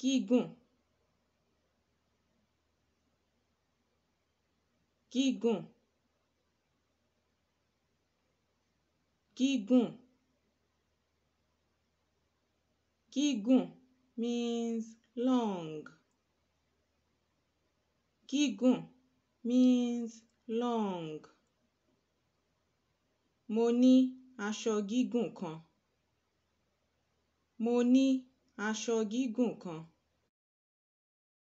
gígùn gígùn gígùn gígùn means long gígùn means long mo ní aṣọ gígùn kan mo ní aṣọ gígùn kan